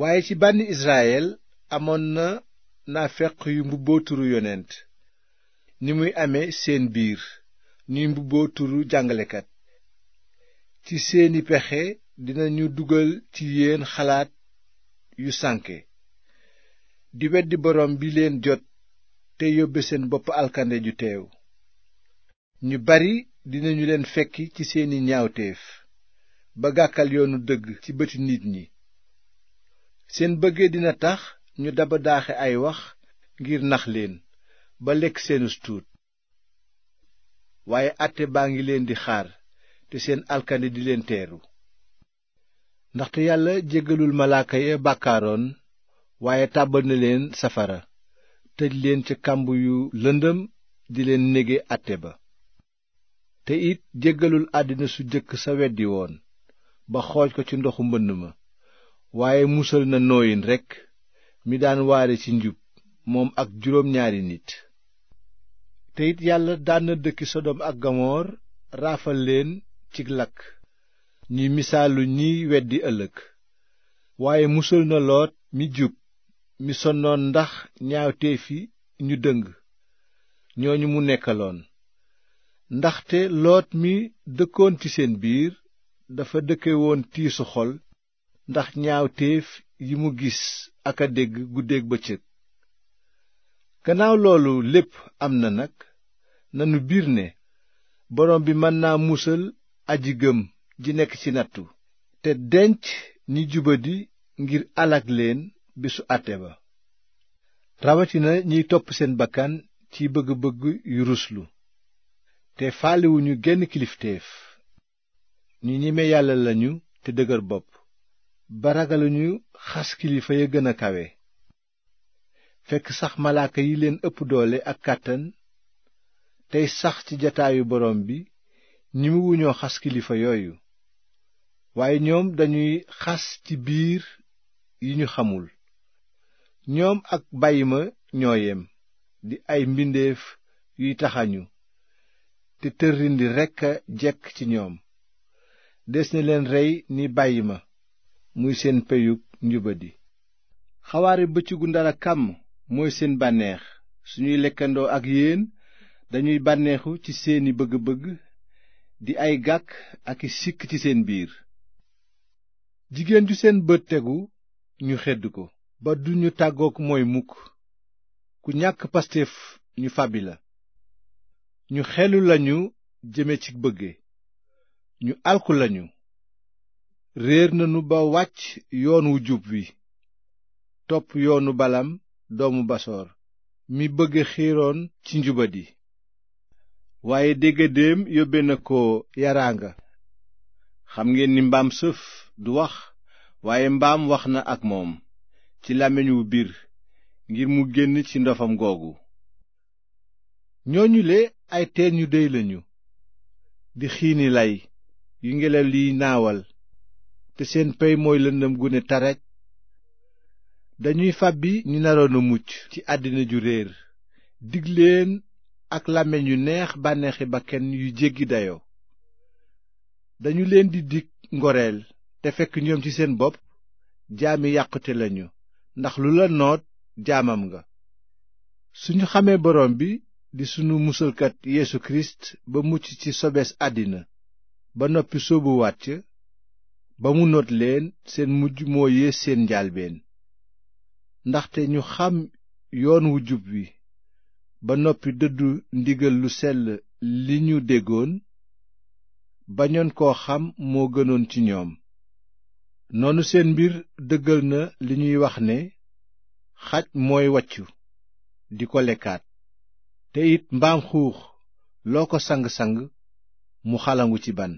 waaye ci bànni Israyel amoon na naafeq yu mbubboo turu yonent ni muy amee seen biir ñuy mbubboo turu jàngalekat ci seeni pexe dinañu dugal ci yéen xalaat yu sànke di weddi borom bi leen jot te yóbbe seen bopp alkande ju teew ñu bari dinañu leen fekki ci seeni ñaawteef ba gàkkal yoonu dëgg ci bëti nit ñi seen bëggee dina tax ñu daba daaxe ay wax ngir nax leen ba lekk seenus tuut waaye àtte baa ngi leen di xaar te seen alkande di leen teeru ndaxte yàlla jéggalul malaaka ya bàkkaaroon waaye tàbbal na leen safara tëj leen ca kàmb yu lëndëm di leen nége àtte ba te it jéggalul àddina su jëkk sa weddi woon ba xooj ko ci ndoxu mbënn ma waaye musal na nooyin rekk mi daan waare ci njub moom ak juróom ñaari nit te yàlla daan na dëkki sodom ak gamoor raafal leen ci lakk ñuy misaalu ñiy weddi ëllëg waaye musal na loot mi jub mi sonnoon ndax ñaawteefi ñu dëng ñooñu mu nekkaloon ndaxte loot mi dëkkoon ci seen biir dafa dëkke woon tiisu xol ndax ñaawteef yi mu gis ak a dégg guddeeg bëccëg gannaaw loolu lépp am na nag nanu biir ne borom bi mën na musal aji gëm ji nekk ci nattu te denc ñi juba di ngir alag leen bésu àtte ba rawatina ñiy topp seen bakkan ci bëgg-bëgg yu ruslu te faaliwuñu genn kilifteef ñu ñeme yàlla lañu te dëgër bopp ba ragaluñu xas kilifa ya gën a kawe fekk sax malaaka yi leen ëpp doole ak kàttan tey sax ci jataayu boroom bi ñi mu wuñoo xas kilifa yooyu waaye ñoom dañuy xas ci biir yi ñu xamul ñoom ak bàyyi ma ñoo yem di ay mbindeef yuy taxañu te tërindi rekk a jekk ci ñoom des na leen rey ni bàyyi ma muy seen peyug njubadi xawaare bëccëgu ndara kàmm mooy seen bànneex suñuy lekkandoo ak yéen dañuy bànneexu ci seeni bëgg-bëgg di ay gàkk ak i sikk ci seen biir jigéen ju seen bët tegu ñu xedd ko ba duñu tàggook mooy mukk ku ñàkk pastéef ñu fabi la ñu xelu lañu jëme ci bëgge ñu alku lañu réer nañu ba wàcc yoon wu jub wi topp yoonu balaam doomu basoor mi bëgg xiiroon ci njuba njubadi waaye déggadeem yóbbe na ko yaraanga xam ngeen ni mbaam sëf du wax waaye mbaam wax na ak moom ci làmmiñ wu biir ngir mu génn ci ndofam googu ñooñule ay teen yu déy lañu di xiini lay yu ngelaw liy naawal te seen pey mooy lëndam gu ne taraj dañuy fàbbi ñi naroon a mucc ci àddina ju réer dig ak làmmiñ yu neex bànneexi bakken yu jéggi dayoo dañu leen di dig ngoreel te fekk ñoom ci seen bopp jaami yàqute lañu ndax lu la noot jaamam nga suñu xamee borom bi di sunu musalkat Yeesu Kirist ba mucc ci sobes àddina ba noppi sóobu wàcc ba mu noot leen seen mujj moo yées seen njaalbeen ndaxte ñu xam yoon wu jub wi ba noppi dëddu ndigal lu sell li ñu déggoon bañoon koo xam moo gënoon ci ñoom noonu seen mbir dëggal na li ñuy wax ne xaj mooy waccu di ko lekkaat te it mbaam xuux loo ko sang-sang mu xalangu ci ban